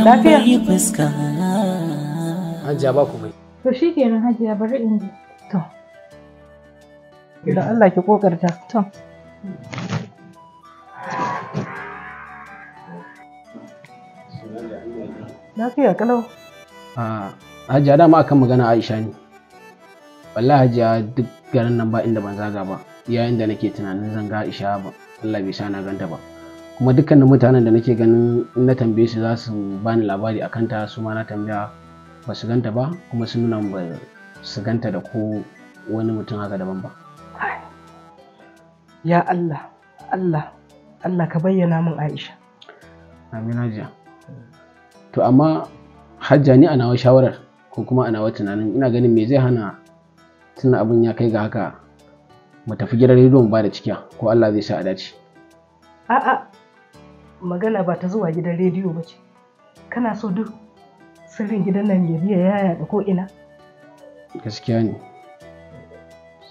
tambayi fuska. hajiya ba ku mai to shi kenan hajiya bari in ji to Da Allah ki kokarta to lafiya kalau a hajiya dama akan magana Aisha ne wallahi hajiya duk garin nan ba inda ban zaga ba yayin da nake tunanin zan ga Aisha ba Allah bai sa na ganta ba kuma dukkanin mutanen da nake ganin in na tambaye su za su bani labari akan ta su ma na tambaya ba su ganta ba kuma sun nuna ba su ganta da ko wani mutum haka daban ba ya Allah Allah Allah ka bayyana min Aisha Amina jiya. to amma hajja ni a nawa shawarar ko kuma a nawa tunanin ina ganin me zai hana tunan abin ya kai ga haka mu tafi gidan rediyon ba da cikiya ko Allah zai sa a dace a'a magana ba ta zuwa gidan rediyo ba ce kana so duk sirrin gidan nan ya biya yaya da ko'ina gaskiya ne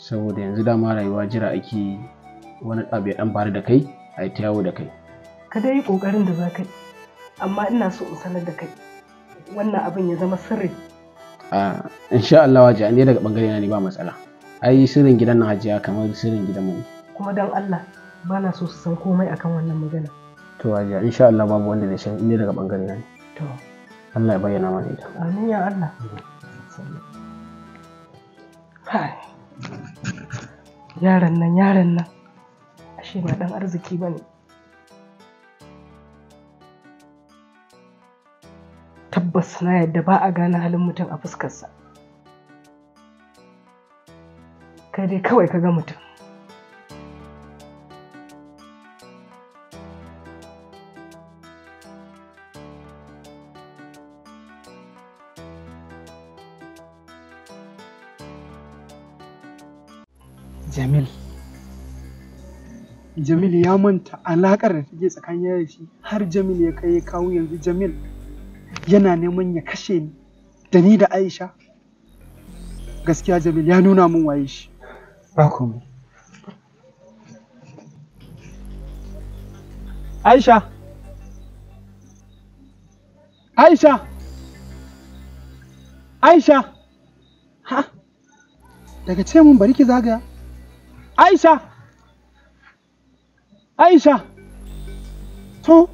saboda yanzu dama rayuwa jira ake wani ɗabi ɗan bari da kai a yi ta yawo da kai ka dai yi ƙoƙarin da za ka yi amma ina so in sanar da kai wannan abin ya zama sirri a insha Allah waje ne daga bangare ne ba matsala ai sirrin gidan hajiya kamar sirrin gidan mu kuma dan Allah ba na so su san komai akan wannan magana to ajiya insha Allah babu wanda zai san ne daga bangare na to Allah ya bayyana mana ita amin ya Allah yaran nan yaran nan ashe ba dan arziki bane tabbas na yadda ba a gane halin mutum a fuskarsa kai dai kawai ka ga mutum Jamil ya manta alaƙar da take tsakanin da shi har Jamil ya kai kawo yanzu Jamil yana neman ya kashe ni da ni da Aisha gaskiya Jamil ya nuna min waye shi ba Aisha Aisha Aisha ha daga ce mun bari ki zagaya Aisha Aisha, to,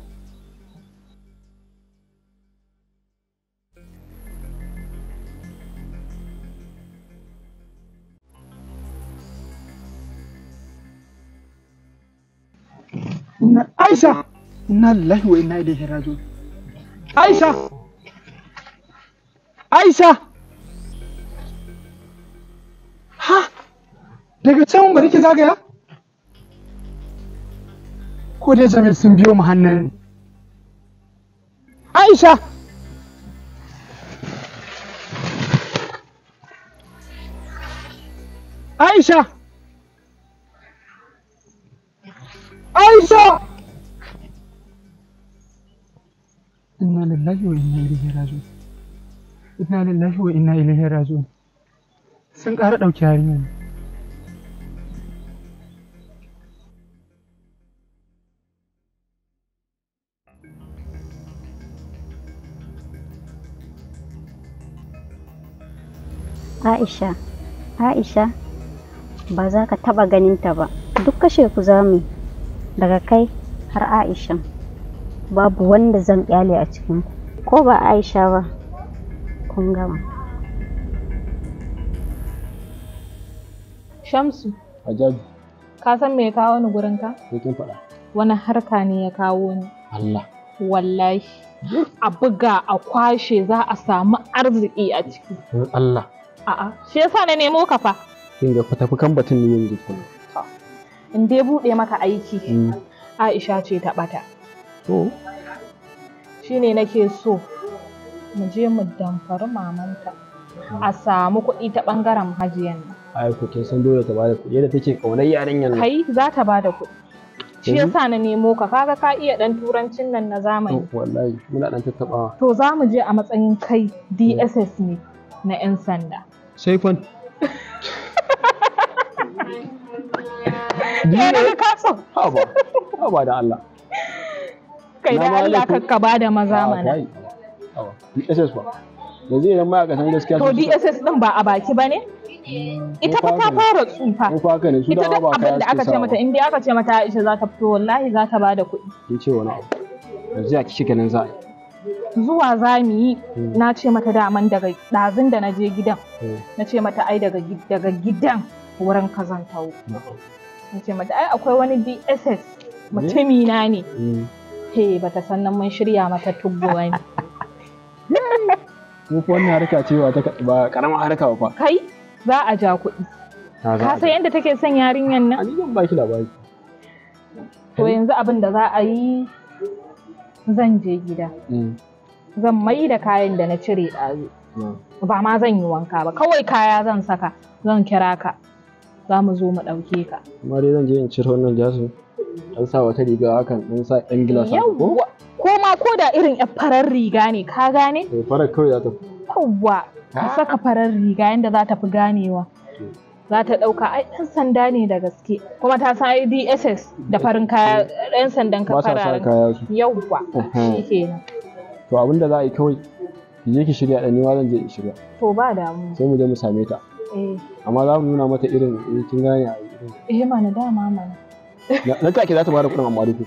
Aisha, inna lillahi wa inna ilaihi raji'un. Aisha, Aisha, ha, daga can bari ki zagaya? ko dai jamil sun biyo mu hannun aisha aisha aisha inna lillahi wa inna ilaihi raji'un inna lillahi wa inna ilaihi raji'un sun ƙara ɗauki yarinya ne Aisha, Aisha, ba za ka taɓa ganinta ba, duk kashe ku za mu daga kai har Aisha, babu wanda zan ƙyale a cikin ko ba Aisha ba, kun gama. Shamsu, Hajjaji, ka san me ya kawo ni gurinka? Sai kin faɗa. Wani harka ne ya kawo ni. Allah. Wallahi. a buga a kwashe za a samu arziki a ciki. Allah. A'a, shi yasa na nemo ka fa. Kin ga ku tafi kan batun ne yanzu kuma. In dai buɗe maka aiki. Mm. Aisha ce ta ɓata. To. Shi ne nake so mu je mu damfari mamanta a samu kuɗi ta ɓangaren hajiyan nan. Ai ku kin san dole ta bada kuɗi yadda take ƙaunar yarinyar nan. Kai za ta bada kuɗi. shi yasa na nemo ka kaga ka iya ɗan turancin nan na zamani wallahi muna ɗan tattaɓawa. to za mu je a matsayin kai DSS ne na yan sanda Sei quanto. biyu da kaso haba haba da Allah kai da Allah ka kaba da maza ah, mana DSS ba yanzu idan ma ka san gaskiya to DSS din ba a baki ba ne mm, ita fa ta fara tsufa Ko ita duk abin da aka ce mata indai aka ce mata Aisha za ta fito wallahi za ta ba da kuɗi Ni ce wani abu yanzu ya kishi ganin za a yi zuwa za mu yi hmm. na ce mata daman daga ɗazin da na je gidan hmm. na ce mata ai daga gidan wurin kazantau hmm. na ce mata ai akwai wani dss mutumi na ne he bata sannan mun shirya mata tugguwa ne mu wannan harka ce ba karamar harka ba kai za a ja kuɗi ka san yadda take son yarinyar nan aliyan ba ki labari to yanzu abin da za a yi zan je gida zan mai da kayan da na cire ɗazu hmm. ba ma zan yi wanka ba kawai kaya zan saka zan kira ka za mu zo mu ɗauke ka amma dai zan je in cire wannan jasu an sa wata riga hakan an sa yan gilas ko ko ma ko da irin yan farar riga ne ka gane eh, farar kawai za ta yawwa ka ah! saka farar riga yadda za ta fi ganewa za ta ɗauka ai ɗan sanda ne da gaske kuma ta san IDSS da farin kaya ɗan sandan ka fararen yawwa shi kenan to abin da za a yi kawai ki je ki shirya da ma zan je in shirya to ba damu sai mu je mu same ta eh amma za mu nuna mata irin eh, kin gane a irin eh mana dama na nan take za ta bada kuɗin amma duk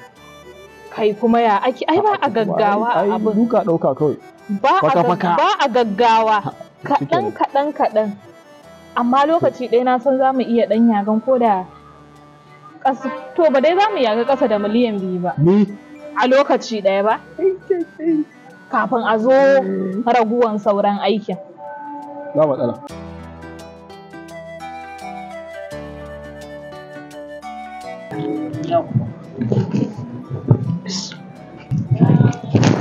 kai kuma ya aki ai ba a gaggawa abin duka dauka kawai ba a ba a gaggawa kaɗan kaɗan kaɗan amma lokaci ɗaya na san za mu iya ɗan yagan ko da to ba dai za mu yaga ƙasa da miliyan biyu ba a lokaci ɗaya ba kafin a zo mm. raguwan sauran aikin. Ba matsala.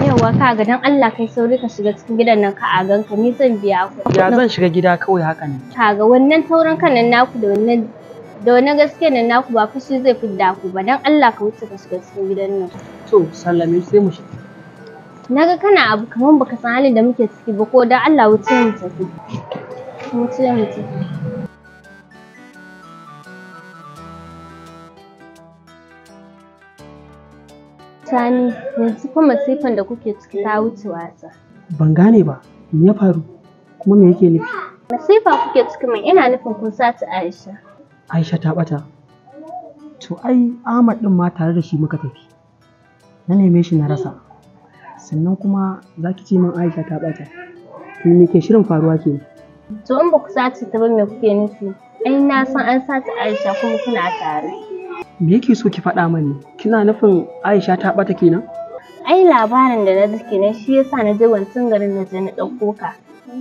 Yauwa ka ga don Allah kai sauri ka shiga cikin gidan nan ka a gan ka, ni zan biya ku. Ya zan shiga gida kawai haka ne. Ka ga wannan taurin kan nan naku da wannan da wannan gaskiya nan naku ba fushi zai fidda ku ba don Allah ka wuce ka shiga cikin gidan nan. To sallame sai mu shiga. Na ga kana abu kamar baka san halin da muke ciki ba ko don Allah wuce mu tafi. Wuce mu tafi. Sani, yanzu kuma masifan da kuke ciki ta wuce wasa. Ban gane ba, me ya faru? Kuma me yake nufi? Masifa kuke ciki mai ina nufin kun sace Aisha. Aisha ta bata. To ai Ahmad din ma tare da shi muka tafi. Na neme shi na rasa. sannan kuma za ki ce min Aisha ta ɓata. To me ke shirin faruwa ke? To in ba ku sace ta ba me kuke nufi? Ai na san an sace Aisha kuma kuna tare. Me yake so ki faɗa mani? Kina nufin Aisha ta ɓata kenan? Ai labarin da na ji kenan shi yasa na je wancan garin na je na ɗauko ka.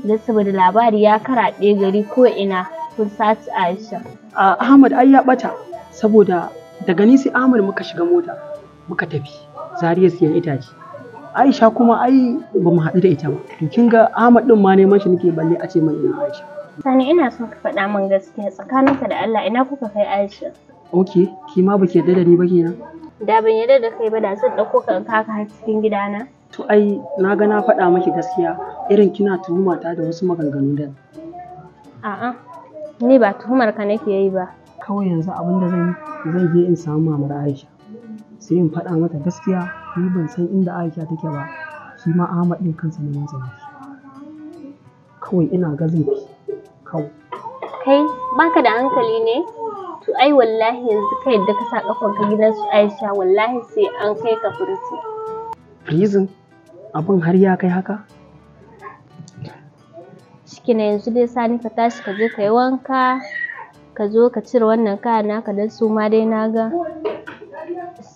Don saboda labari ya karaɗe gari ko ina kun sace Aisha. Ahmad ai ya ɓata saboda daga ni sai Ahmad muka shiga mota muka tafi Zariya siyan itace. Aisha kuma ai ba mu haɗu da ita ba. To kin ga Ahmad din ma neman shi nake balle a ce mai ina Aisha. Sani ina son ka faɗa min gaskiya tsakaninka da Allah ina kuka kai Aisha. Ok, ki ma baki yarda da ni ba kenan. Da ban yarda da kai ba da zan ɗauko ka kaka har cikin gidana. To ai na ga na faɗa maki gaskiya irin kina tuhuma ta da wasu maganganu da. A'a, ni ba tuhumar ka nake yi ba. Kawai yanzu abin da zan zan je in samu mamar Aisha. Sai in faɗa mata gaskiya ni ban san inda Aisha take ba shi ma Ahmad din kansa ne masa ne kawai ina ga ki kawai kai baka da hankali ne to ai wallahi yanzu ka yadda ka sa kafar ka gidan su Aisha wallahi sai an kai ka furuci prison abin har ya kai haka ne yanzu dai sani ka tashi ka je ka yi wanka ka zo ka cire wannan kaya naka don su ma dai na ga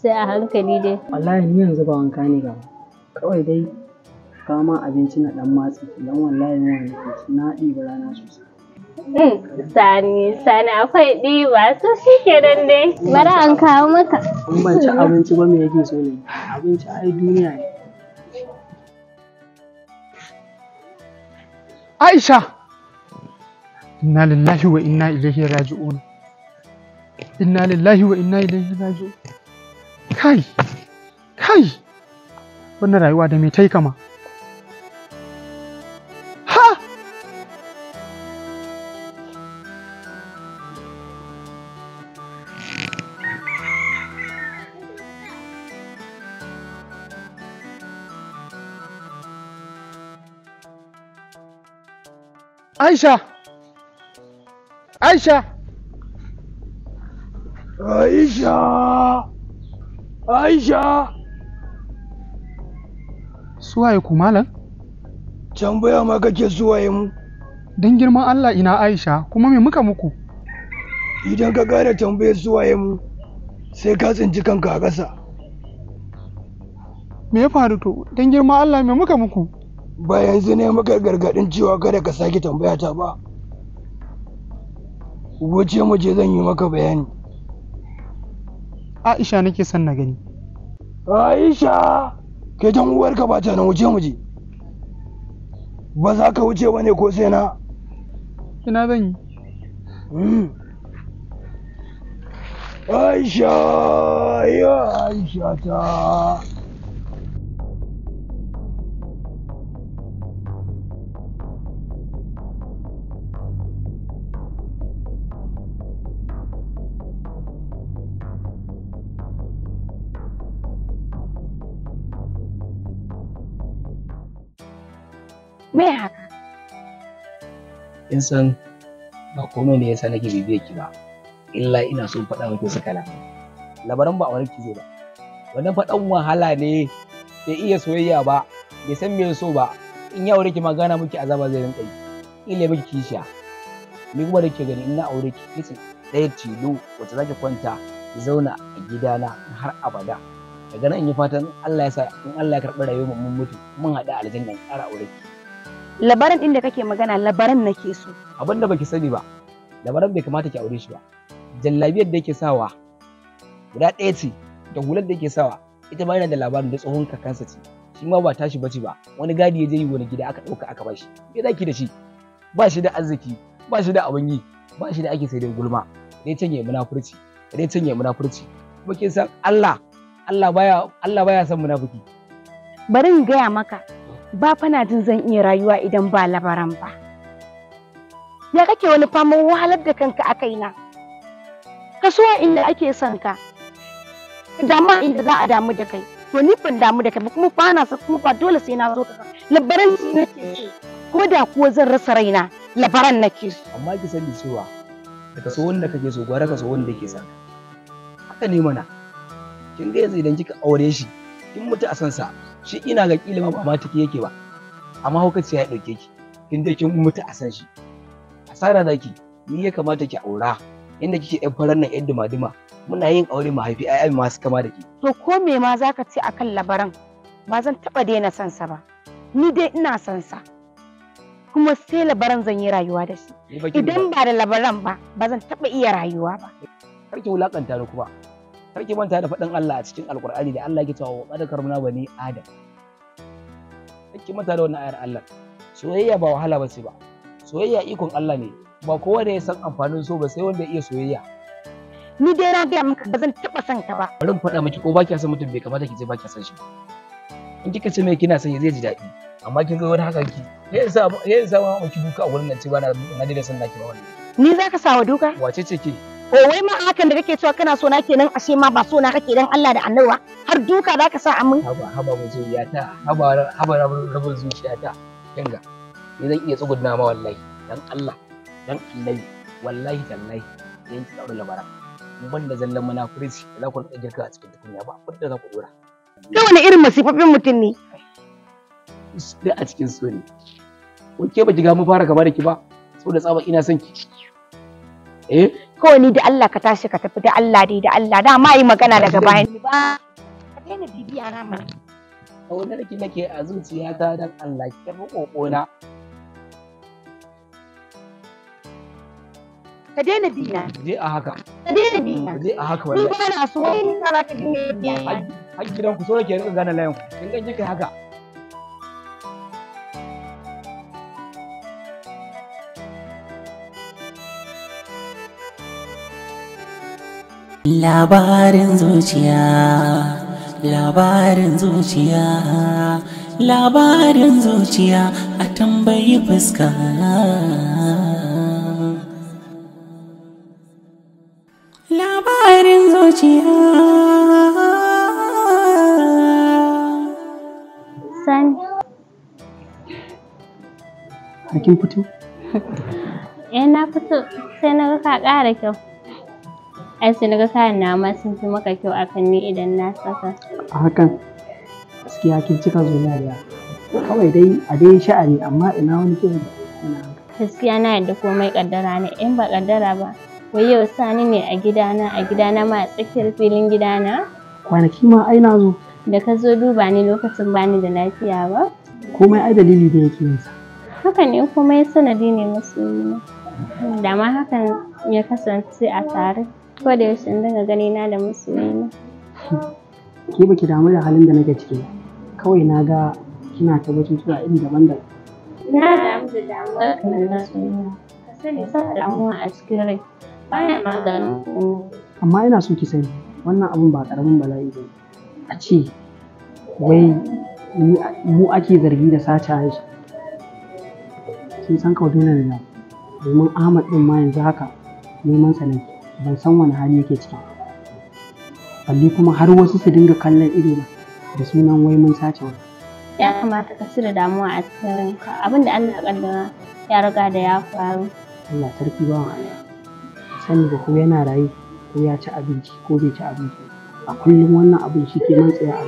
sai a hankali dai wallahi ni yanzu ba wanka ne ba. kawai dai kama abinci na dan matsi dan wallahi ni wani na ɗiba rana sosai hmm, Sani, sani akwai ɗiba su shi kenan dai. Bari an kawo maka. An ban ci abinci ba me yake so ne. Abinci ai duniya ne. Aisha. Inna lillahi wa inna ilaihi raji'un. Inna lillahi wa inna ilaihi raji'un. kai kai wannan rayuwa da mai taikama ha aisha aisha aisha Aisha! Suwaye ku malam? Tambaya ma kake suwaye mu. Don girman Allah ina Aisha kuma me muka muku? Idan ka gane tambayar suwaye mu sai ka tsinci kanka a ƙasa. Me ya faru to don girman Allah me muka muku? Ba yanzu ne maka gargaɗin cewa kada ka sake tambaya ta ba. Wace muje zan yi maka bayani. Aisha nake son na gani. Aisha! Ke jan uwar ka bata nan wuce muje. Ba za ka wuce ba ne ko sai na? Ina zan yi. Hmm. Aisha! Ya Aisha ta! me haka in san ba komai ne yasa nake bibiye ki ba illa ina so faɗa miki sakala labaran ba aure wani kizo ba wannan faɗan wahala ne bai iya soyayya ba bai san me so ba in ya aure ki magana miki azaba zai rinka yi ile miki kishiya ni kuma da ke gani in na aure ki kici ɗaya tilo wacce zaki kwanta ki zauna a gidana har abada daga nan in yi fatan Allah ya sa in Allah ya karɓi rayuwar mu mun mutu mun a aljanna ƙara aure ki labaran din da kake magana labaran nake so abin da baki sani ba labaran bai kamata ki aure shi ba jallabiyar da yake sawa guda ɗaya ce da hular da yake sawa ita ma yana da labarin da tsohon kakansa ce shi ma ba tashi bace ba wani gadi ya je yi wani gida aka ɗauka aka bashi me zaki da shi ba shi da arziki ba shi da abin yi ba shi da ake sai da gulma dai can yayi munafurci dai can yayi munafurci kuma kin san Allah Allah baya Allah baya son munafiki bari in gaya maka ba fana jin zan iya rayuwa idan ba labaran ba ya kake wani faman wahalar da kanka a kaina ka so inda ake son ka dama inda za a damu da kai to ni ban damu da kai ba, kuma ba na kuma ba dole sai na zo ka labaran ci na so ko da kuwa zan rasa raina labaran nake ke. amma ki sani cewa da ka so wanda kake so gwara ka so wanda ke son haka ne mana kin ga yanzu idan kika aure shi kin mutu a san sa shi ina ga kila ba ma take yake ba amma hukaci ya dauke ki kin da kin mutu a san shi asara da ki ni ya kamata ki aura inda kike yan farar nan yan dumaduma muna yin aure mu haifi ai masu kama da ki to ko me ma zaka ce akan labaran ba zan taba daina san sa ba ni dai ina san sa kuma sai labaran zan yi rayuwa da shi idan ba da labaran ba ba zan taba iya rayuwa ba kar ki wulakanta ni kuma ki manta da faɗin Allah a cikin alkur'ani da Allah ya cewa wa qad karramna bani adam karki manta da wannan ayar Allah soyayya ba wahala ba ce ba soyayya ikon Allah ne ba kowa da ya san amfanin so ba sai wanda ya iya soyayya ni dai na gaya maka ba zan taɓa son ka ba bari faɗa miki ko ba ki san mutum bai kamata ki ce ba ki san shi in kika ce mai kina son ya zai ji daɗi amma kin ga wani hakan ki ya isa ya isa ma ki duka a wurin nan ce ba na da san naki ba wannan ni zaka sawa duka wace ce ke o wai ma hakan da kake cewa kana sona kenan ashe ma ba sona kake dan Allah da annabi ba har duka zaka sa amin haba haba mu ta haba haba rabin ta kinga ni zan iya tsugudna ma wallahi dan Allah dan annabi wallahi tallahi zan ki aure labaran ban da zallan munafurci da za ku rika girka a cikin tukunya ba abin da za ku dora kai wani irin masifafin mutum ne da a cikin so ne ko ke ba ki ga fara gaba da ki ba saboda tsaba ina son ki eh kawai ni da Allah ka tashi ka tafi da Allah dai da Allah da ma yi magana daga bayan ba ka daina bibiya na mana kaunar ki nake a ta dan Allah ki tafi kokona ka daina bina je a haka ka daina bina je a haka wallahi ni ba na so ni na ka daina bina har gidan ku so nake rinka gane layin ku in kai haka labarin zuciya labarin zuciya labarin zuciya a tambayi fuska labarin zuciya sani hakin fito eh na fito sai na ga ka ƙara kyau ai sai naga kayan na ma sun fi maka kyau akan ni idan na saka A hakan gaskiya kin cika zuwa da kawai dai a dai sha'ani amma ina wani kyau gaskiya na yadda komai kaddara ne in ba kaddara ba wai yau sani ne a gidana a gidana ma a tsakiyar filin gidana kwanaki ma ai na zo da ka zo duba ni lokacin bani da lafiya ba komai ai dalili da yake yin sa haka ne komai sanadi ne musu da ma hakan ya kasance a tare ko da yaushe daga gani na da Ki ke baki damu da halin da nake ciki kawai na ga kina ta batutuwa irin daban da. na damu da damuwa kan masoyina ka sani sa damuwa a cikin rai baya maganin amma ina so ki sani wannan abun ba karamin bala'i ba a ce wai mu ake zargi da sace Aisha kin san kawai dole ne domin Ahmad din ma yanzu haka neman sa nake ban san wani hali yake ciki balle kuma har wasu su dinga kallon ido da sunan wai mun sace wani ya kamata ka cire damuwa a cikin ranka abinda Allah ya kaddara ya riga da ya faru Allah sarki ba Allah sani da ku yana rayu, ko ya ci abinci ko bai ci abinci a kullum wannan abin shi ke man tsaya a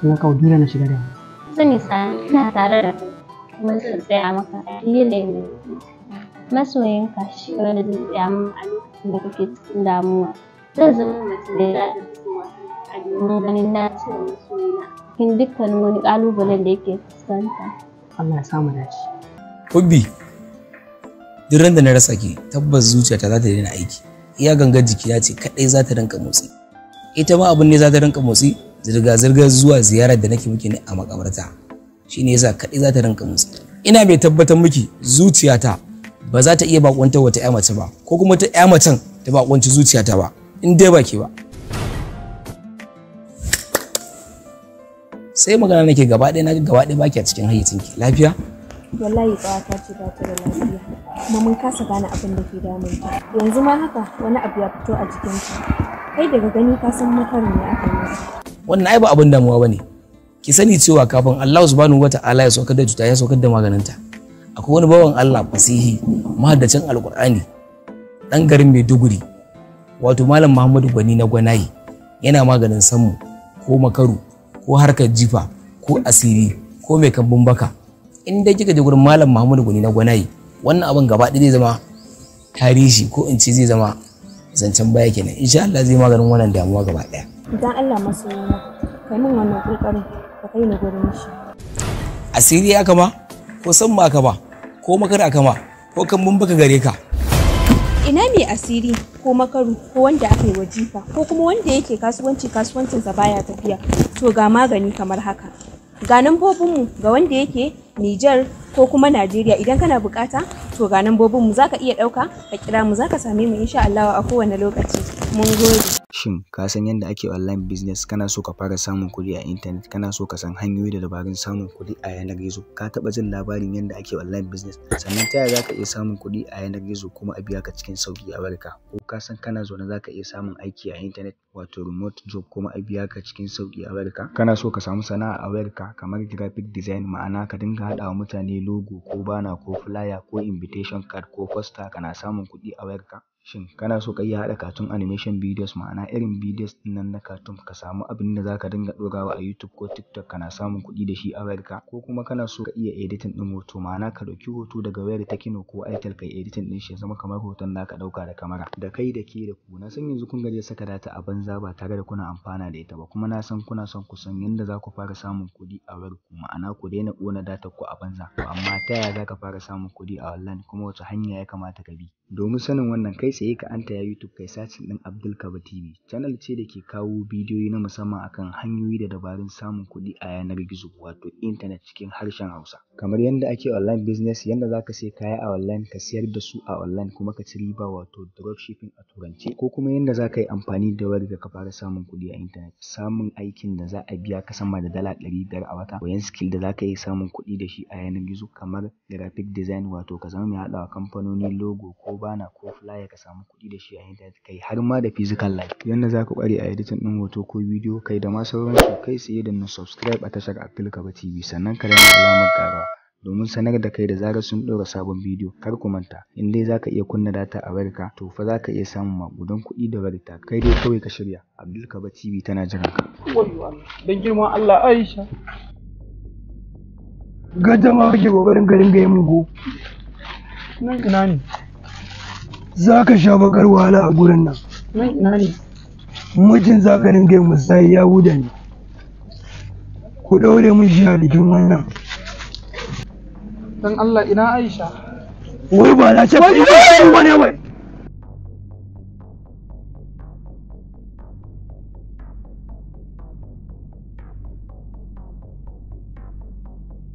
kuma ka dole na shiga damuwa sani sa ina tare da kuma zan tsaya maka a ka shi wanda zai tsaya min a lokacin da kake cikin damuwa zan zama mace da za a domin ganin na ce masoyina cikin dukkanin wani ƙalubalen da yake fuskanta. Allah ya samu dace. Hubbi, duk ran da na rasa ke tabbas zuciyata za ta daina aiki. Iya gangar ya ce kaɗai za ta rinka motsi. Ita ma abin ne za ta rinka motsi zirga-zirgar zuwa ziyarar da nake muke ne a makabarta. Shi ne yasa kaɗai za ta rinka motsi. Ina mai tabbatar miki zuciyata ba za ta iya bakuntar wata 'ya mace ba ko kuma ta 'ya macen ta bakunci zuciyata ba in dai ba ke ba sai magana nake gaba ɗaya na ga gaba ɗaya baki a cikin ki lafiya wallahi ta ce ba ta da lafiya kuma mun kasa gane abin da ke damun ta yanzu ma haka wani abu ya fito a jikinta kai daga gani ka san makarin ne aka yi wannan ai ba abin damuwa bane ki sani cewa kafin Allah subhanahu wata'ala ya saukar da cuta ya saukar da maganinta akwai wani bawan Allah fasihi mahaddacin alkur'ani dan garin Maiduguri wato malam Muhammadu Gwani na Gwanayi yana maganin samu ko makaru ko harkar jifa ko asiri ko mai kambun baka in dai kika je gurin malam Muhammadu Gwani na Gwanayi wannan abin gaba ɗaya zai zama tarihi ko in ce zai zama zancen baya kenan insha Allah zai maganin wannan damuwa gaba ɗaya idan Allah masoyina kai min wannan ƙulƙarin, ka kai ni gurin shi asiri ya kama ko san ma ka ba ko makara ka ma ko kan mun baka gare ka ina mai asiri ko makaru ko wanda aka yi wajifa ko kuma wanda yake kasuwanci kasuwancinsa baya tafiya to ga magani kamar haka ga mu ga wanda yake Nijar ko kuma Najeriya idan kana bukata to ga nambobinmu za ka iya ɗauka ka kira mu za ka same mu insha Allah a kowane lokaci mun gode Shin ka san yadda ake online business? Kana so ka fara samun kuɗi a intanet? Kana so ka san hanyoyi da dabarun samun kuɗi a yanar gizo? Ka taɓa jin labarin yadda ake online business? Sannan ta yaya za ka iya samun kuɗi a yanar gizo kuma a biya ka cikin sauƙi a barka? Ko ka san kana zaune za ka iya samun aiki a intanet wato remote job kuma a biya ka cikin sauƙi a barka? Kana so ka samu sana'a a wayarka kamar graphic design ma'ana ka dinga haɗa wa mutane logo ko bana ko flyer ko invitation card ko poster kana samun kuɗi a barka Shin kana so ka iya haɗa cartoon animation videos ma'ana irin videos nan na cartoon ka samu abin da zaka dinga ɗorawa a YouTube ko TikTok kana samun kuɗi da shi a wayarka ko kuma kana so ka iya editing ɗin hoto ma'ana ka ɗauki hoto daga wayar ta kino ko Itel kai editing ɗin shi ya zama kamar hoton da ka ɗauka da kamera da kai da ke da ku na san yanzu kun gaji saka data a banza ba tare da kuna amfana da ita ba kuma na san kuna son ku san yadda za ku fara samun kuɗi a wayarku ma'ana ku daina ƙona data ku a banza to amma ta yaya za ka fara samun kuɗi a online kuma wace hanya ya kamata ka bi domin sanin wannan kai tsaye ka anta ya YouTube kai sacin ɗin Abdulkaba TV. Channel ce da ke kawo bidiyoyi na musamman akan hanyoyi da dabarun samun kuɗi a yanar gizo wato intanet cikin harshen Hausa. kamar yadda ake online business yadda za sai kaya a online ka siyar da su a online kuma ka ci riba wato drop shipping a turance ko kuma yadda za ka yi amfani da wayar da ka fara samun kuɗi a internet samun aikin da za a biya ka sama da dala ɗari biyar a wata koyan skill da za ka yi samun kuɗi da shi a yanar gizo kamar graphic design wato ka zama mai haɗawa kamfanoni logo ko bana ko flyer ka samu kuɗi da shi a internet kai har ma da physical life yadda za ka ƙware a editing ɗin hoto ko bidiyo kai da ma sauransu kai tsaye da na subscribe a tashar Abdul Kaba TV sannan ka danna alamar ƙara domin sanar da kai da zarar sun ɗora sabon bidiyo. Kar ku manta, in dai za ka iya kunna data a wayarka, to fa za ka iya samun maƙudan kuɗi da wayar Kai dai kawai ka shirya, Abdul Kaba TV tana jiran ka. dan girman Allah Aisha. Gadama kake gobarin ka dinga yin mugu. Nan ina ne? Za ka sha bakar wahala a gurin nan. Nan ina ne? Mijin za ka dinga yin musayi ya huda ne. Ku ɗaure mun shi a jikin wannan. dan Allah ina Aisha wai ba na ce ba ne wai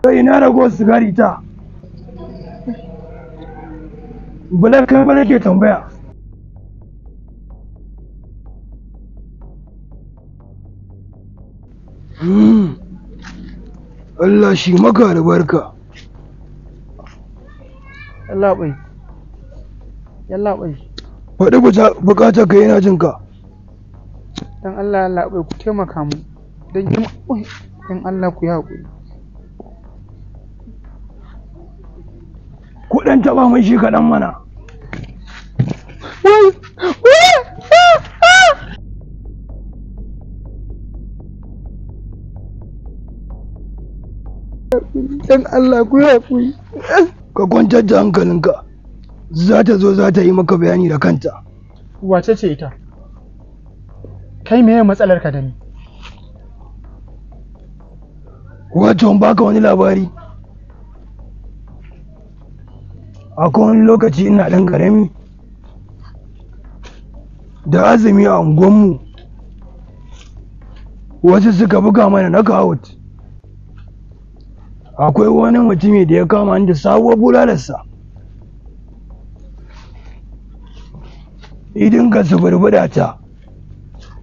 sai ina rago sigari ta bulan kan bala ke tambaya hmm. Allah shi maka da barka. yallaɓai yallaɓai faɗi bukatar ka yana jin ka dan Allah yallaɓai ku taimaka mu dan kin dan Allah ku yi haƙuri ku dan taɓa mai shi kaɗan mana dan Allah ku haƙuri ka kwantar da hankalinka za ta zo za ta yi maka bayani da kanta wace ce ita kai meye matsalar ka da ni wato baka wani labari A wani lokaci ina ɗan ƙarami da azumi a unguwanmu wasu suka buga mana na knockout akwai wani mutumi da ya kama ni da sabuwar bulalarsa idin ka su burbuda ta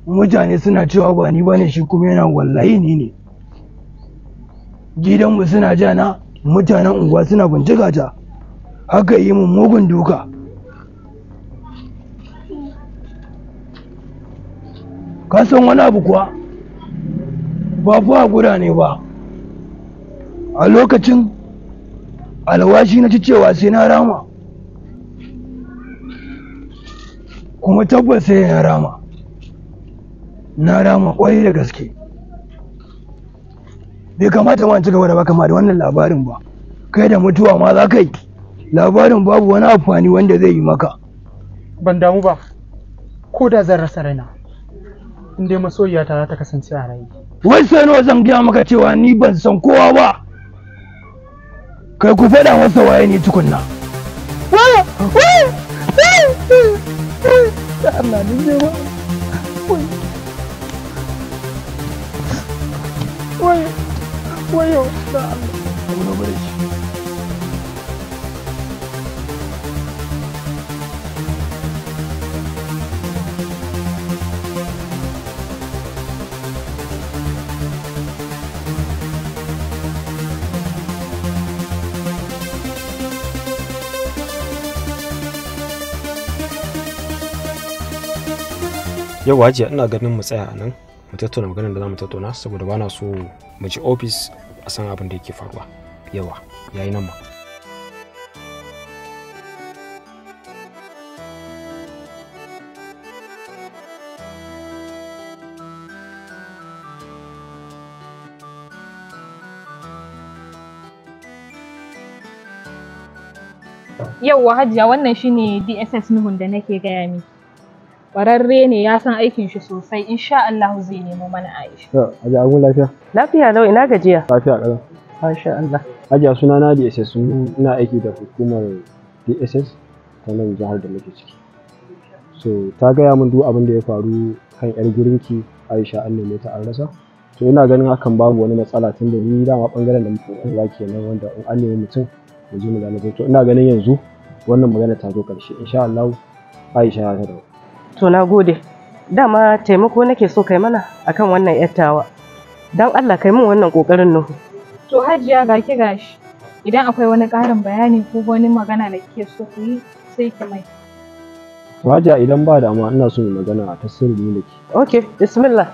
mutane suna cewa ba ni bane shi kuma yana wallahi ni ne gidanmu suna jana mutanen unguwa suna bincika ta haka yi mun mugun duka ka san wani abu kuwa ba kuwa gura ne ba a lokacin alwashi na ci cewa sai na rama kuma tabbas sai na rama na rama kwarai da gaske bai kamata ma ci gaba da baka ma da wannan labarin ba kai da mutuwa ma za ka yi labarin babu wani amfani wanda zai yi maka ban damu ba ko da zan rasa raina in dai masoyiyata za ta kasance a rai wai sai nawa zan gaya maka cewa ni ban san kowa ba kai ku faɗa masa waye ne tukunna wait, ni wait, wait, wait, wait, wait, wait yau wajiya ina ganin mu tsaya nan mu tattauna maganar da zamu mu tattauna saboda ba na so mu ci ofis a san abin da yake faruwa yawa yayi nan ma Yauwa hajiya wannan shine DSS nuhun da nake gaya miki. kwararre ne ya san aikin shi sosai insha Allah zai nemo mana Aisha. To, ji an lafiya? Lafiya lau ina gajiya. Lafiya ƙarar. Masha Allah. Ajiya suna na DSS ina aiki da hukumar DSS ta nan jihar da muke ciki. So, ta gaya min duk abin da ya faru kan yar gurinki Aisha an ne ta an rasa. To ina ganin hakan babu wani matsala tun da ni dama bangaren da muke zaki nan wanda in an nemi mutum mu je mu zama to ina ganin yanzu wannan magana ta zo ƙarshe insha Allah Aisha ta dawo. to na gode dama taimako nake so kai mana akan wannan yattawa don Allah kai mun wannan ƙoƙarin nuhu to hajiya ga ki gashi idan akwai wani ƙarin bayani ko wani magana da kike so ku yi sai ki mai to hajiya idan ba da amma ina so magana ta sirri ne da okay bismillah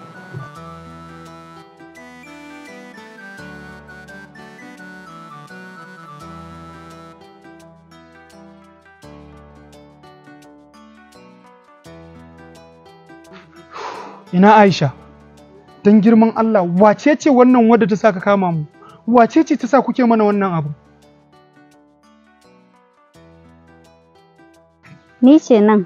ina Aisha don girman Allah wace ce wannan wadda ta sa ka kama mu wace ce ta sa kuke mana wannan abu ni ce nan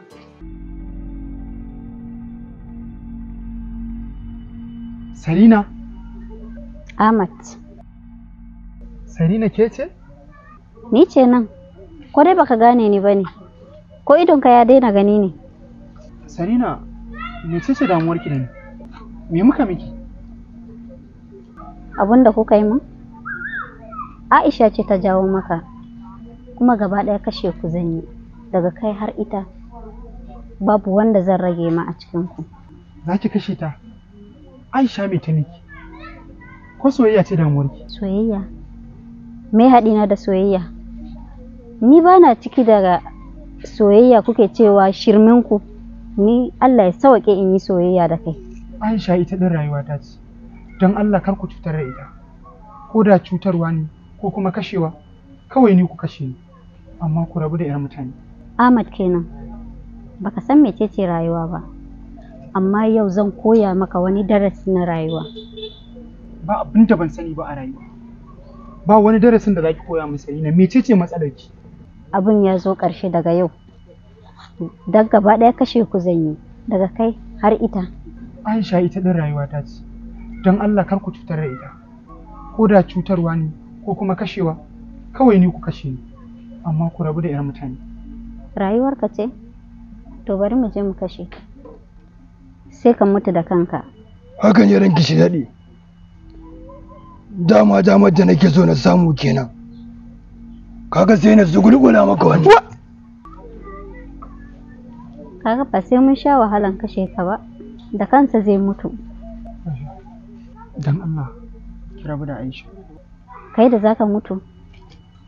Sarina Ahmad Sarina ke ce ni ce nan ko dai baka gane ni bane ko idonka ya daina gani ne Sarina Me ce ce damuwar ki da ni? Me muka miki? Abin da kuka yi min? Aisha ce ta jawo maka, kuma gaba ɗaya kashe ku zan yi, daga kai har ita. Babu wanda zan rage ma a cikinku. Za ki kashe ta? Aisha me ta niki Ko soyayya ce ki? Soyayya? Me haɗina da soyayya? Ni ba na ciki daga soyayya kuke cewa shirminku. ku. ni Allah ya sauke in yi soyayya da kai Aisha ita din rayuwa ta ce don Allah kar ku cutar da ita ko da cutarwa ne ko kuma kashewa kawai ni ku kashe ni amma ku rabu da yar mutane Ahmad kenan baka san mecece rayuwa ba amma yau zan koya maka wani darasi na rayuwa ba abin da ban sani ba a rayuwa ba wani darasin da zaki koya min sani na mecece matsalar abin ya zo ƙarshe daga yau su don gaba ɗaya kashe ku zan yi daga kai har ita. Aisha ita ɗin rayuwa ta ce, don Allah kar ku cutar da ita, ko da cutarwa ne ko kuma kashewa, kawai ni ku kashe ni, amma ku rabu da 'yan mutane. Rayuwarka ce? To bari mu je mu kashe. Sai ka mutu da kanka. Hakan yaran ki shi daɗi. Dama damar da nake so na samu kenan. Kaga sai na zugulgula maka wani. kaga ba sai mun sha wahalan kashe ka ba da kansa zai mutu dan Allah kira da Aisha kai da zaka mutu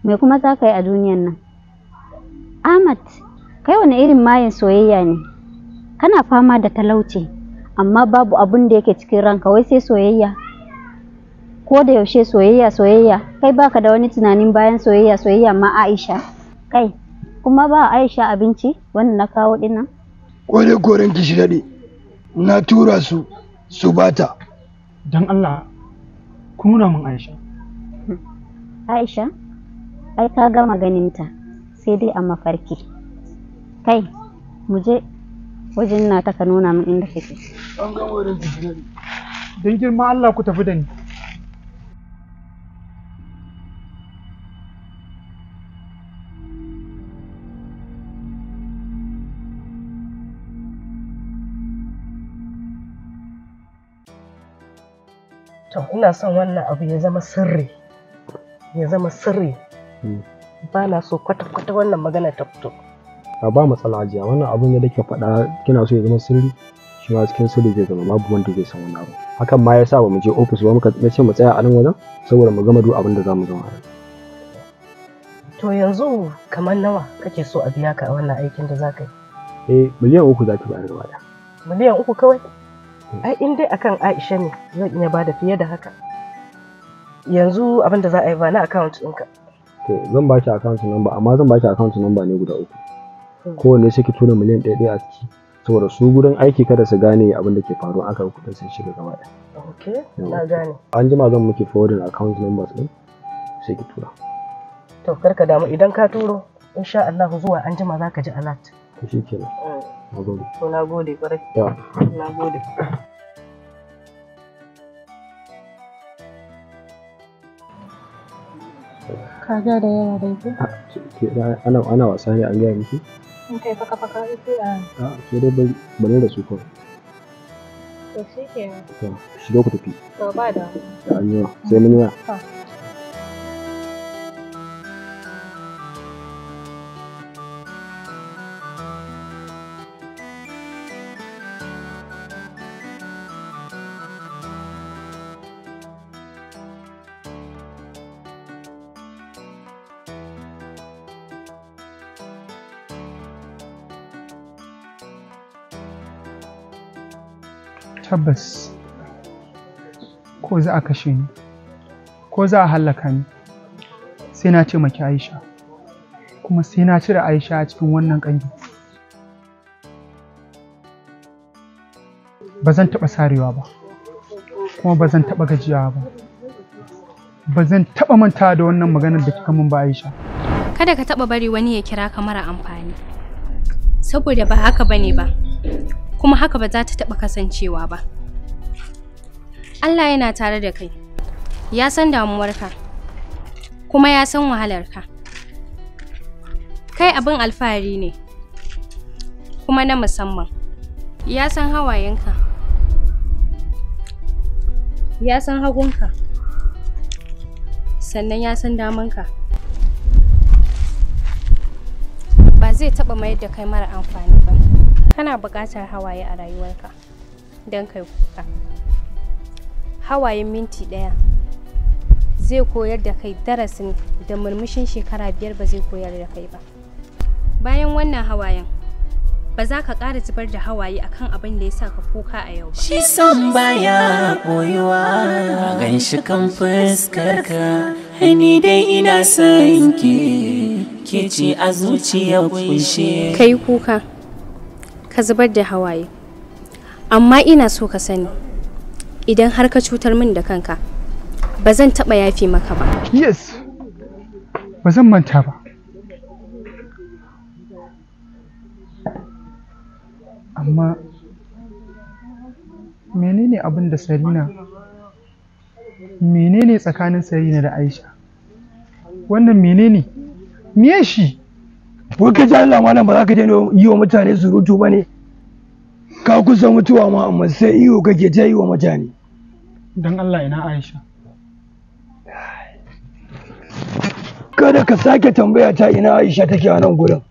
me kuma zaka yi a duniyan nan Ahmad kai wani irin mayin soyayya ne kana fama da talauci amma babu abun da yake cikin ranka wai sai soyayya ko da yaushe soyayya soyayya kai baka da wani tunanin bayan soyayya soyayya ma Aisha kai kuma ba Aisha abinci wanda na kawo dinnan ko dai koren ki shi daɗe na tura su su bata don Allah ku nuna min Aisha Aisha ai ka gama ganinta sai dai a mafarki kai mu je wajen na ta ka nuna min inda kake an gama wurin ki shi daɗe don girma Allah ku tafi da ni to ina son wannan abu ya zama sirri ya zama sirri hmm. ba na so kwata-kwata wannan magana ta fito a ba matsala ajiya wannan abun ya kake faɗa kina so ya zama sirri shi ma cikin sirri zai zama babu wanda zai san wannan abu hakan ma yasa ba mu je ofis ba muka ce mu tsaya a nan wajen saboda mu gama duk abin da zamu gama to yanzu kamar nawa kake so a biya ka a wannan aikin da zaka yi eh miliyan uku zaki bayar gaba miliyan uku kawai ai in dai akan Aisha ne zan iya bada fiye da haka yanzu abin da za a yi ba na account ɗinka to zan ba ki account number amma zan ba ki account number ne guda uku hmm. kowanne sai ki tura miliyan ɗaya ɗaya a ciki saboda su gurin aiki kada su gane abin da ke faruwa aka yi kudin sun shiga gaba ɗaya na gane an jima zan miki forwarding account numbers ɗin sai ki tura to karka damu idan ka turo insha Allah zuwa an jima za ka ji alert to shi hmm. na gode kwarai na gode kaga da yawa da ah, ke ana ana wasa ne an gaya miki in kai faka faka ita a a ah, ke dai bari bari da su kawai to shi ke to shiga ku tafi to ba da da an sai mun yi ma. tabbas ko za a kashe ni ko za a hallaka ni sai na ce maki aisha kuma sai na cire aisha a cikin wannan ƙangi ba zan taɓa sarewa ba kuma ba zan taɓa gajiya ba ba zan taɓa manta da wannan maganar da kika min ba aisha kada ka taɓa bari wani ya kira ka mara amfani saboda ba haka bane ba kuma haka ba za ta taɓa kasancewa ba. Allah yana tare da kai, ya san damuwarka, kuma ya san wahalarka. Kai abin alfahari ne, kuma na musamman, ya san hawayenka, ya san hagunka, sannan ya san damanka. Ba zai taɓa mayar da kai mara amfani ba. kana buƙatar hawaye a rayuwarka don kai kuka hawayen minti ɗaya zai koyar da kai darasin da murmushin shekara biyar ba zai koyar da kai ba bayan wannan hawayen ba za ka ƙara zubar da hawaye akan abin da ya sa ka kuka a yau ba. Shi son baya koyuwa gan shi kan fuskarka, hani dai ina son ke ke ce a zuciya kunshe. Kai kuka. ka zubar da hawaye amma ina so ka sani idan har ka cutar min da kanka ba zan taɓa yafe maka ba yes ba zan manta ba amma menene abin da sarina menene tsakanin sarina da aisha wannan menene me shi wai kai Allah malam ba za ka daina yi wa mutane surutu ba ne ka kusa mutuwa ma amma sai iyo kake ta yi wa mutane don Allah ina Aisha kada ka sake tambaya ta ina Aisha take a nan gurin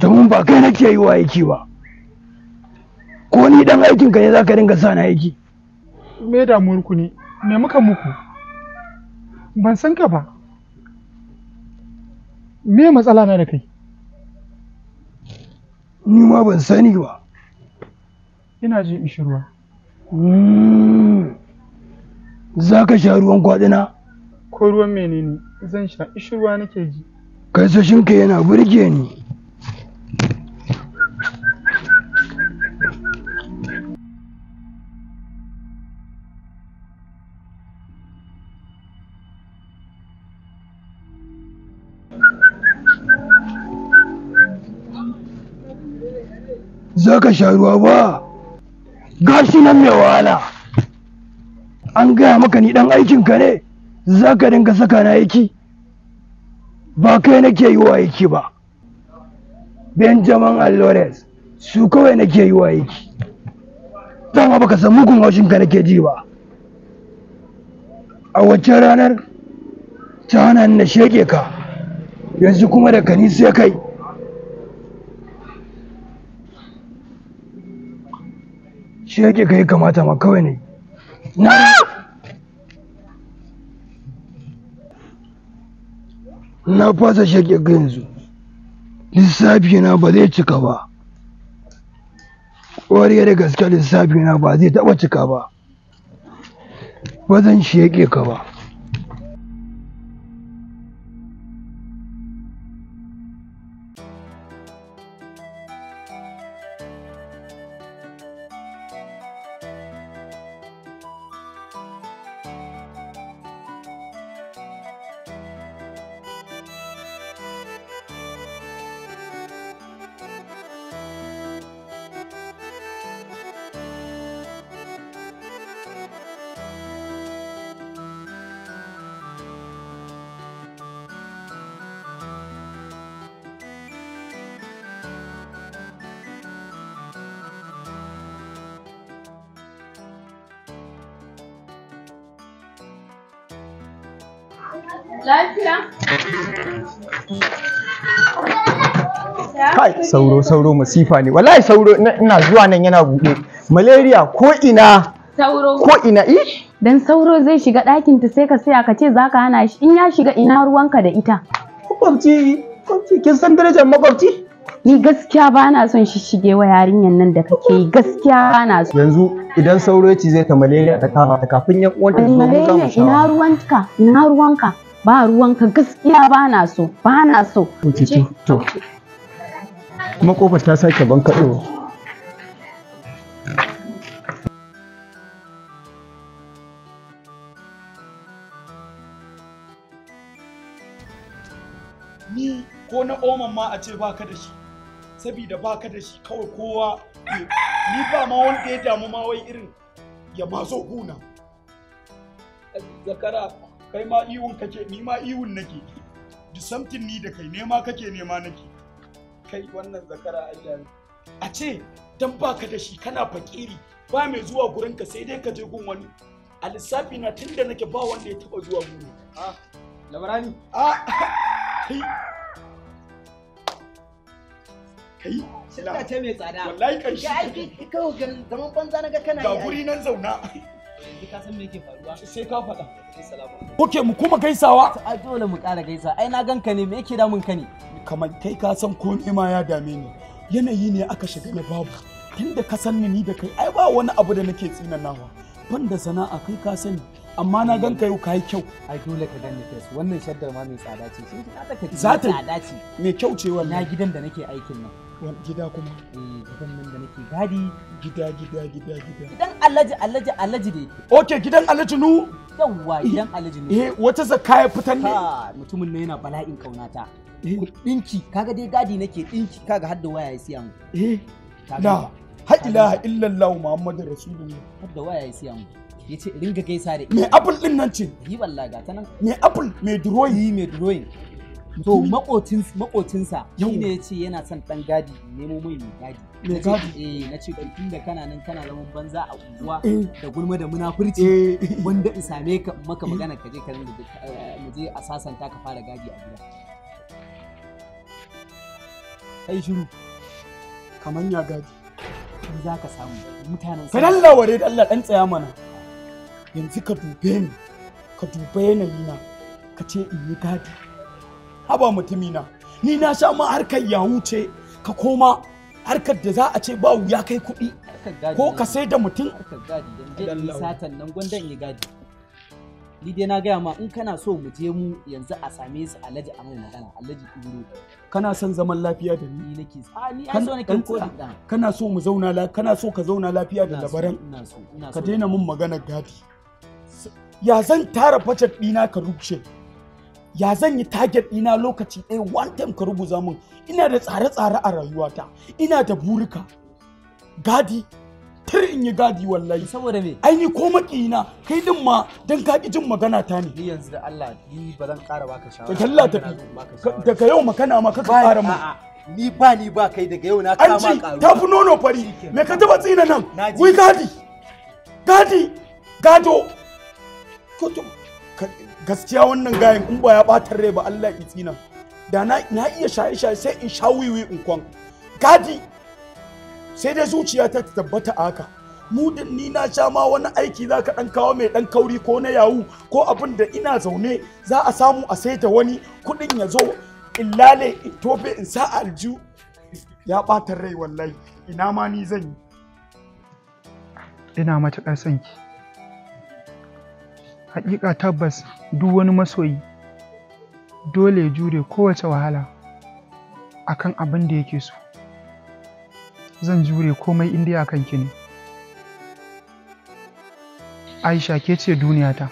domin ba kai nake yi wa aiki ba ko ni dan aikin ka ne za ka dinga sa na aiki me damuwar ku ne me muka muku ban san ka ba me matsala na da kai ni ma ban sani ba ina jin ishirwa hmm. za ka sha ruwan kwaɗina ko ruwan menene zan sha ishirwa nake ji kai sashinka yana burge ni za ka sha ruwa ba gashi nan mai wahala an gaya maka ni dan aikinka ne za ka dinga saka na aiki ba kai nake yi wa aiki ba benjamin allores su kawai nake yi wa aiki ba baka san mugun haushinka nake ji ba a wacce ranar ta hana na sheke ka yanzu kuma da kani sai kai shi yake kai kamata ma kawai ne na na fasa shi yake kai yanzu lissafi na ba zai cika ba ƙwariya da gaske lissafi na ba zai taɓa cika ba ba zan shi yake ka ba sauro sauro masifa ne wallahi sauro ina zuwa nan yana buɗe malaria ko ina sauro ko ina i eh? dan sauro zai shiga ɗakin ta sai ka saya ka ce zaka hana shi in ya shiga ina ruwanka da ita makwabci kin san darajar makwabci ni gaskiya ba na son shi shige wa yarinyan nan da kake gaskiya ba na so yanzu idan sauro ya zai ta malaria ta kama ta kafin ya uwanta zo mu ina ruwanka ina ruwanka ba ruwanka gaskiya ba na so ba na so to kuma kofar ta sake bankaɗo ni ko na oman ma a ce ba ka da shi sabida ka da shi kawai kowa ni ba ma wanda ya damu ma wai irin ya ma zo huna zakara kai ma iwun kake ni ma iwun nake samtin ni da kai nema kake nema nake kai wannan zakara Allah a ce dan baka da shi kana fakiri ba mai zuwa gurin ka sai dai ka je gun wani a lissafi na tunda nake ba wanda ya taba zuwa gurin a labarani a kai kai sila ce mai tsada wallahi kan shi aiki kawo zaman banza naga kana ga guri nan zauna sai ka faɗa okay mu kuma gaisawa a dole mu ƙara gaisa ai na ganka ne me yake damun ka ne kamar kai ka san komai ma ya dame ni yanayi ne aka shiga na babu tunda ka san ni da kai ai ba wani abu da nake tsinanawa ban da sana'a kai ka sani amma na gan ka yau ka yi kyau ai dole ka gane kai wannan shaddar ma mai tsada ce sai ka tsada ce mai kyau ce wannan na gidan da nake aikin nan gida kuma eh. gidan nan da nake gadi gida gida gida gida gidan alhaji alhaji alhaji ne ok gidan alhaji nu yawa eh, gidan alhaji ne eh wata zakka ya fitar ne mutumin nan yana bala'in kaunata dinki eh. kaga dai gadi nake dinki kaga har da waya ya siya mu eh la ha ilaha illallah muhammadu rasulullah har da waya ya siya mu yace ringa gaisa da me apple din nan ce yi wallahi ga ta nan me apple me drawing me drawing to makocinsa shi ne ya ce yana son dan gadi nemo mai mai gadi eh na ce tun da kana nan kana zaman banza a unguwa eh. da gulma da munafurci eh. wanda in same ka maka eh. magana ka je karin mu je a sasanta ka fara gadi a gida kai shiru kamar ya gadi in za ka samu mutanen ka lallaware ware dalla dan tsaya mana yanzu ka dube ni ka dube yanayi na ka ce in yi gadi haba mutumina ni na sha ma harkar ya ce ka koma harkar da za a ce ba wuya kai kuɗi ko ka sai da mutum satan nan gwandan ya gadi ni dai na gaya ma in kana so mu je mu yanzu a same su alhaji a mai magana alhaji ibro kana son zaman lafiya da ni nake so ah, ni an so nake ko da kana so mu zauna la kana so ka zauna lafiya da labaran ka daina mun magana gadi ya zan tara facet dina ka rukshe ya zan yi target ɗina lokaci ɗaya one time ka rubuta min ina da tsare-tsare a rayuwata ina da burika gadi tar in yi gadi wallahi saboda me ai ni ko makiyina kai din ma dan ka ki jin magana ta ne yanzu da Allah ni ba zan ƙara baka shawara Allah tafi daga yau makana ma ka ƙara mu ni ba ni ba kai daga yau na kama ƙaru ta fi nono fari me ka taba tsina nan wai gadi gadi gado gaskiya wannan gayan in ba ya batar rai ba Allah ya tsina da na iya shaye-shaye sai in sha wiwi in kwan gadi sai dai zuciya ta tabbata a haka mu din ni na sha ma wani aiki za ka ɗan kawo mai ɗan kauri ko na yawu ko abin da ina zaune za a samu a saita wani kuɗin ya zo in lale in tofe in sa alju ya ɓata rai wallahi ina ma ni zan yi ina matuƙar son ki Haƙiƙa tabbas duk wani masoyi dole ya jure kowace wahala a abin da yake so. Zan jure komai inda ya kan kini Aisha ke ce duniya ta.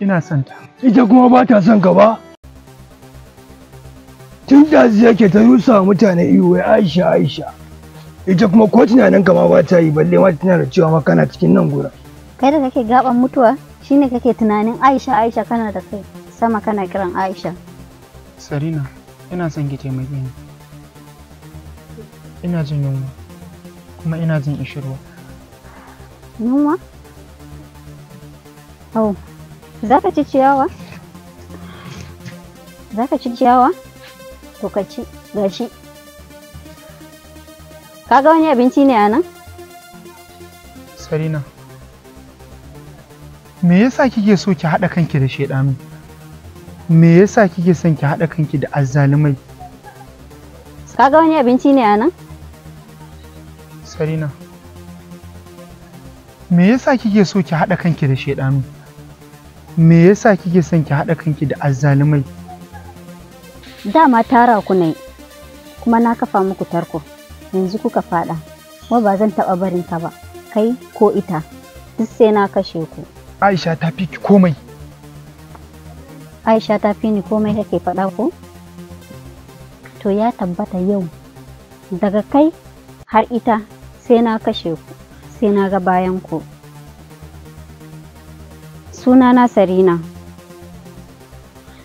Ina son Ita kuma ba ta son ka ba. Tun da yake ta rusa mutane iyo ya Aisha Aisha. Ita kuma ko tunanin ka ma ba ta yi balle ma tana da cewa makana cikin nan gura kai da kake gaban mutuwa shine kake tunanin aisha aisha kana da kai sama kana kiran aisha sarina ina son ki taimake ni ina jin yunwa kuma ina jin ishirwa yunwa oh za ka ci ciyawa za ka ci ciyawa to ka ci gashi ka ga wani abinci ne a nan sarina me yasa kike so ki haɗa kanki da shaidanu me yasa kike son ki haɗa kanki da azzalumai kaga wani abinci ne anan sarina me yasa kike so ki haɗa kanki da shaidanu me yasa kike son ki haɗa kanki da azzalumai dama tara ku ne kuma na kafa muku tarko yanzu kuka faɗa kuma ba zan taɓa barin ka ba kai ko ita duk sai na kashe ku Aisha ta fi ki komai. Aisha ta fi ni komai kake faɗa ko? To ya tabbata yau daga kai har ita sai na kashe ku sai na ga bayan ku. Sunana Sarina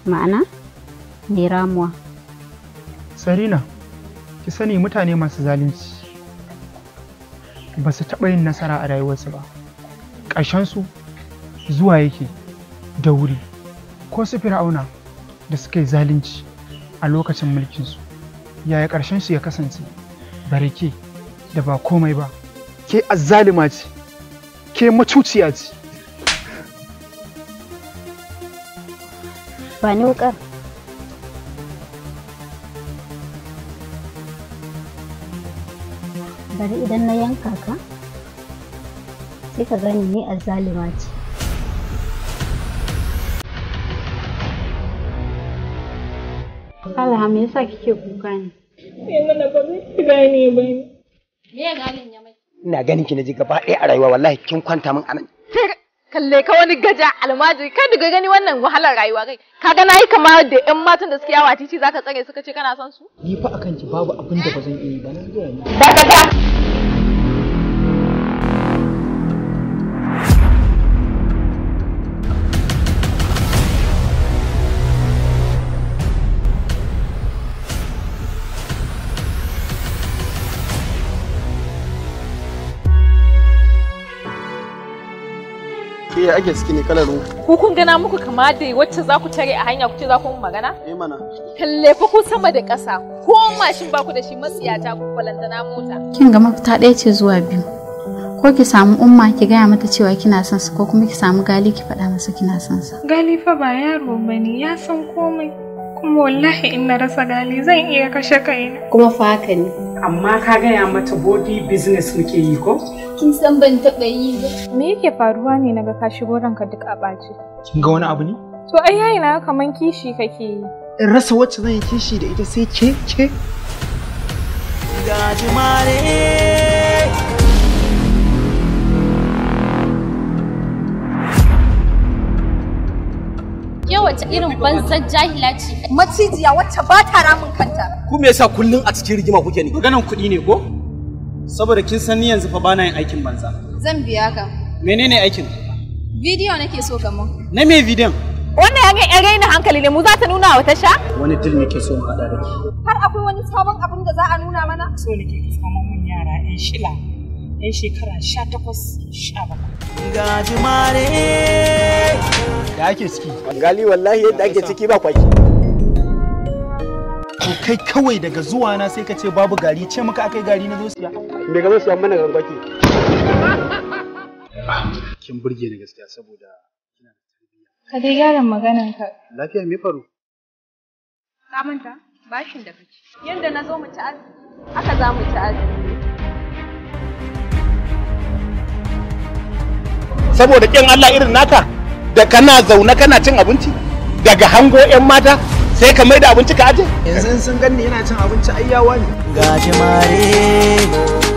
ma'ana mai ramuwa. Sarina ki sani mutane masu zalunci ba su taɓa yin nasara a rayuwarsu ba. Ƙarshensu zuwa yake da wuri ko su fir'auna da suka yi zalunci a lokacin mulkinsu yaya ƙarshen su ya kasance bareke da ba komai ba ke azzalima ce ke macuciya ce ba ni wukar bari idan na yanka ka sai ka gane ni azzalima ce me yasa kike kuka ne? mana ba zai gane ba ne. Me ya gane ya mai? Ina ganin ki naji gaba ɗaya a rayuwa wallahi kin kwanta min anan. Kalle ka wani gaja almajiri ka daga gani wannan wahalar rayuwa kai ka ga nayi kama da ƴan matan da suke yawa titi zaka tsare suka ce kana son su? Ni fa akan ki babu abin da ba zan iya yi ba na gaya ni. Dakata. ya ake suke ne kalar ruwa. Ku kun gana muku kama da wacce za ku tare a hanya ku ce za ku magana? Eh mana. Kalle fa ku sama da ƙasa ko mashin ba ku da shi matsiyata ku balantana mota. Kin ga mafita ɗaya ce zuwa biyu. Ko ki samu umma ki gaya mata cewa kina son sa ko kuma ki samu gali ki faɗa masa kina son sa. Gali fa ba yaro bane ya san komai. Kuma wallahi in na rasa gali zan iya kashe kaina. Kuma fa haka ne. Amma ka gaya mata body business muke yi ko? Kin san ban taɓa yi ba. Me yake faruwa ne naga ka shigo ranka duk a ɓaci? Kin ga wani abu ne? To ai yayi na kaman kishi kake yi. In rasa wacce zan yi kishi da ita sai ke ke. Gajimare. yau wace irin banzar jahila ce macijiya wacce ba ta ramin kanta ku me yasa kullun a cikin rigima kuke ne maganan kuɗi ne ko Saboda kin san ni yanzu fa bana yin aikin banza. Zan biya ka. Menene aikin? video nake so ka Na me video Wannan ya ga ya raina hankali ne mu za ta nuna wa tasha? Wani dil nake so mu haɗa da ki. Har akwai wani sabon abin da za a nuna mana? So nake ka samu mun yara 'yan shila. 'Yan shekara sha takwas sha bakwai. Da ake ciki. Gali wallahi yadda ake ciki ba kwaki. to kai kawai daga zuwa na sai ka ce babu gari ce maka akai gari na zo siya me gaban su mana gangwaki kin burge ni gaskiya saboda kina da tarbiyya ka dai gyaran maganan ka lafiya me faru ka manta bashin da kake yanda na zo mu ci azumi aka za mu ci azumi saboda kin Allah irin naka da kana zaune kana cin abinci daga hango 'yan mata sai ka mai da abinci ka aje yanzu sun ganni yana cin abinci ayyawa ne gajimare